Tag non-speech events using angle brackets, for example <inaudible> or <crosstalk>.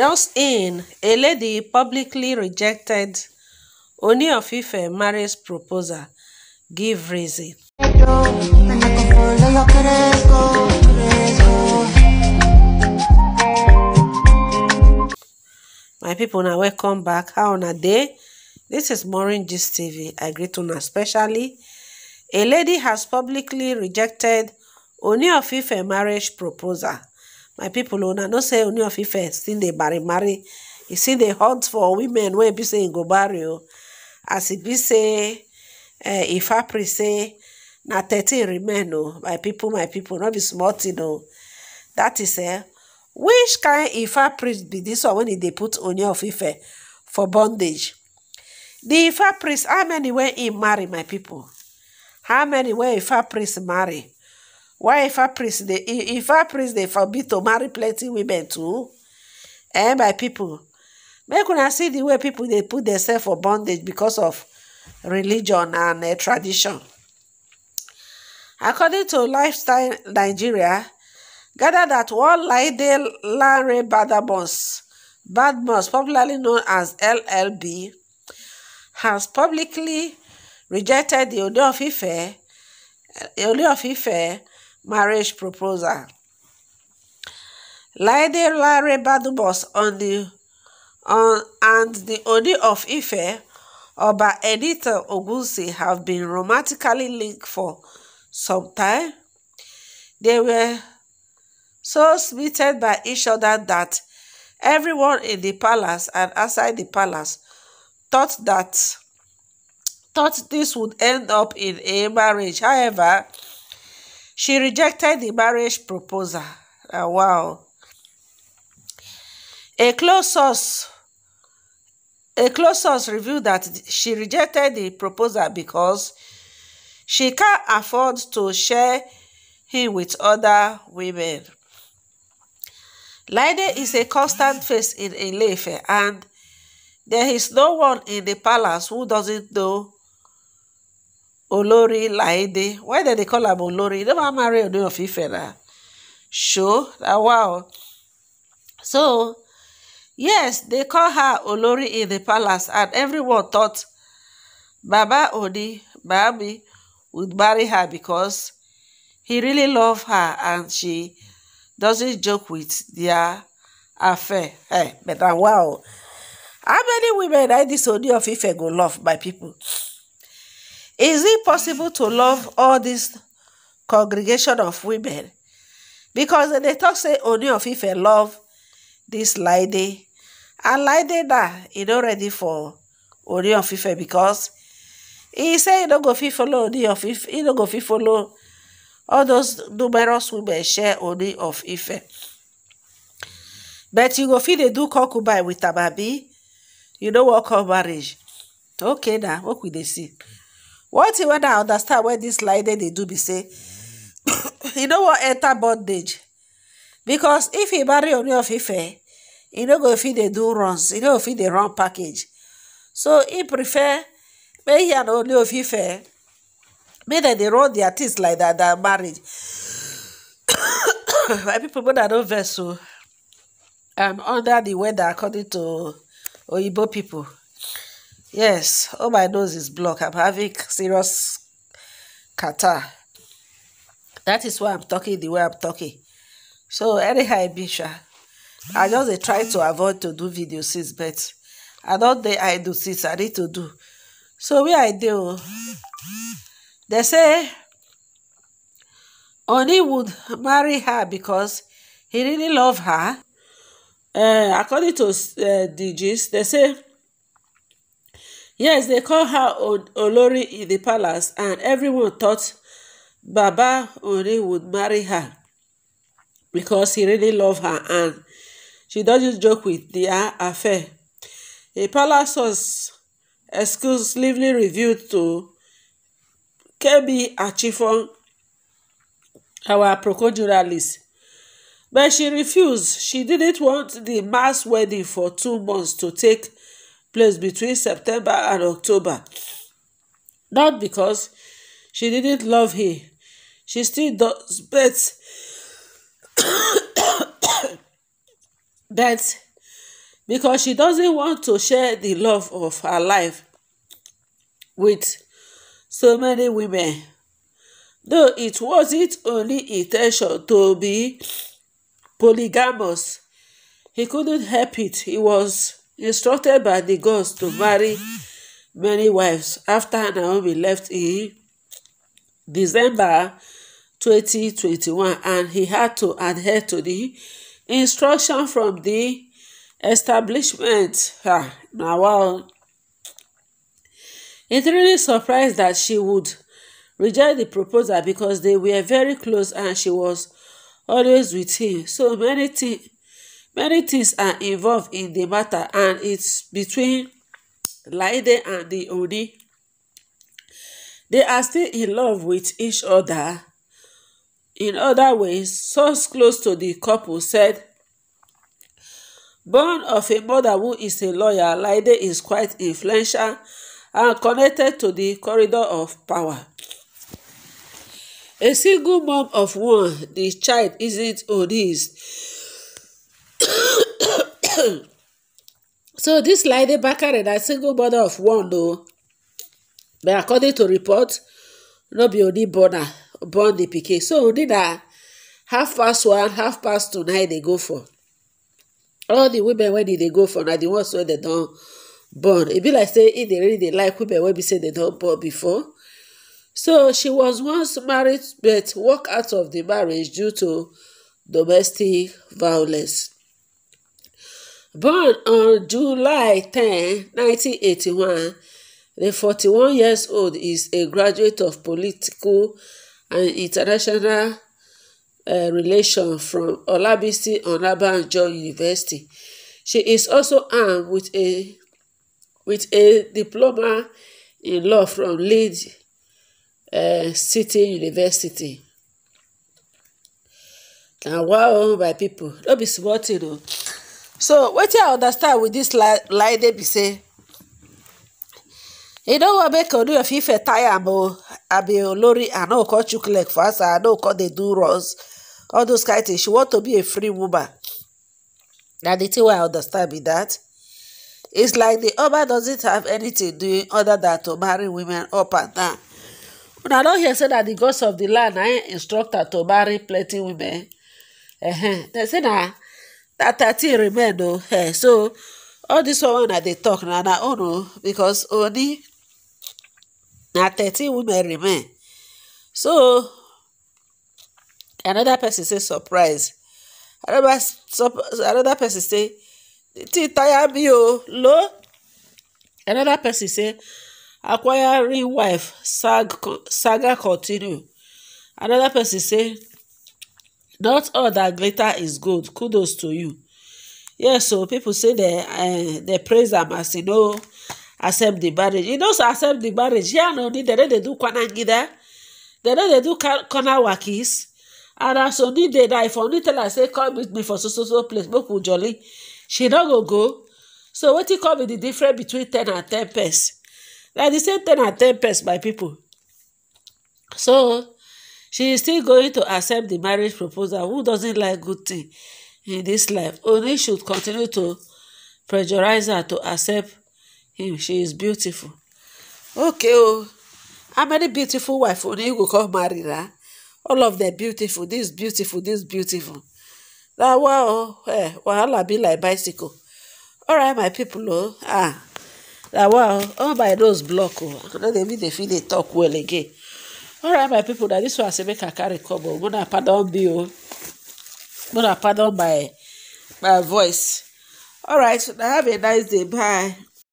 Just in, a lady publicly rejected Oni of Ife marriage proposal. Give reason. My people, now welcome back. How on a day? This is Maureen Gist TV. I greet you especially. A lady has publicly rejected Oni of Ife marriage proposal my people una no say Ooni of Ife still they marry marry You see, dey hunt for women where be say go barrio. o oh. as e be say eh, ifa priest say na thirteen remain oh, my people my people not be smart you oh. know, that is eh which if ifa priest be this one when they put Ooni of Ife for bondage if ifa priest how many way he marry my people how many if ifa priest marry why ifa priest if ifa priest forbid to marry plenty women too and eh, by people, make I see the way people they put themselves for bondage because of religion and eh, tradition according to lifestyle nigeria gather that one laide Larry badmus badmus popularly known as llb has publicly rejected the of Ife, eh, odo of ife marriage proposal. Laide Lare Badubos on the on and the Odi of Ife, by Editha Ogusi, have been romantically linked for some time. They were so smitten by each other that everyone in the palace and outside the palace thought that thought this would end up in a marriage. However, she rejected the marriage proposal. Uh, wow. A close source a close source revealed that she rejected the proposal because she can't afford to share him with other women. Laide is a constant face in Ilefe and there is no one in the palace who doesn't know Olori Laide. Why did they call her Olori? They never marry do of Ife na. Sure. wow. So, yes, they call her Olori in the palace and everyone thought Baba Odi, Babi would marry her because he really loved her and she doesn't joke with their affair. Hey, eh, but wow. How many women I this Odi of Ife go love by people? Is it possible to love all this congregation of women? Because they talk say only of they love this lady. And lady that he not ready for only of if because he say he don't go fit follow only of if He don't go fit follow all those numerous women share only of if. But you go fit they do concubine with a baby, You know what call marriage. Okay now, what could they see? one thing wey i understand wey dis lady they do be say <coughs> you know what? enter bondage because if he marry only of ife he no go fit dey do runs he no go fit the wrong package so he prefer may he and only of ife may dem they run their things like that that marriage <coughs> my people wey na no so, o under the weather according to oyibo people Yes. all my nose is blocked. I'm having serious catarrh. That is why I'm talking the way I'm talking. So, anyhow, Bisha, I just try to avoid to do video since, but I don't think I do since. I need to do. So, where I do, they oh, say Oni would marry her because he really loved her. Uh, according to uh, the gist, they say yes they call her olori in the palace and everyone thought baba Ooni would marry her because he really loved her and she doesn't joke with their affair a palace was exclusively revealed to Kemi Achifo our procuralist but she refused she didn't want the mass wedding for two months to take place between September and October. Not because she didn't love him. She still does, but, <coughs> but because she doesn't want to share the love of her life with so many women. Though it wasn't only intention to be polygamous, he couldn't help it. He was instructed by the gods to marry many wives after Naomi left in December 2021 and he had to adhere to the instruction from the establishment. Ah, now, well, it really surprised that she would reject the proposal because they were very close and she was always with him. So many things many things are involved in the matter, and its between laide and the oni they are still in love with each other in other ways source close to the couple said born of a mother who is a lawyer laide is quite influential and connected to the corridor of power a single mom of one the child isn't Oni's <clears throat> so this Laide Bakare na single mother of one though, but according to report no be only born born di PK. so only na half past one half past two nine dey go for all the women wey they go for na the ones wey they don't born e be like say if e they really they like women wey be say they don't born before so she was once married but walk out of the marriage due to domestic violence Born on July 10, 1981, the 41 years old is a graduate of political and international uh, eh, relations from Olabisi Onabanjo University. She is also armed with a with a diploma in law from Leeds uh, City University. Na wow by people. No be small thing o. Oh so wetin i understand with this lie laide be say e no wan make oni of ife tire am o abi olori i no call chook leg for answer i no call dey do runs all those kind things she want to be a free woman na the thing wey i understand be that it's like the oba doesn't have anything doing other than to marry women up and down una don hear say na the gods of the land na instruct to marry plenty women uh -huh. dem say na na thirteen remain o eh so all this one wey una dey talk na na own oh, o because oni na thirteen women remain so another person say surprise another person say tea tire me o lo another person say acquiring wife saga continue another person say not all that greater is gold kudos to you yes so pipo say dem eh, praise am as e no accept di marriage e no accept di marriage yeah no need dem no dey do kwanangida ngida dem no dey do corner wakis and as oni dey da if oni tell her say come meet me for so so so place make we jolly she no go go so wetin call be di difference between ten and ten pest like the same ten and ten pest my pipo so. she is still going to accept the marriage proposal who doesn't like good thing in this life Ooni should continue to pressurize her to accept him she is beautiful okay oh. how many beautiful wife Ooni go call marry na all of them beautiful this beautiful this beautiful na wa o eh, wahala be like bicycle All right, my people o ah na wa o all my nose block o i no dey even dey feel dey talk well again. alright my pipo na dis one say make i carry come on gonna pardon me o oh. gonna pardon my my voice alright so na have a nice day bye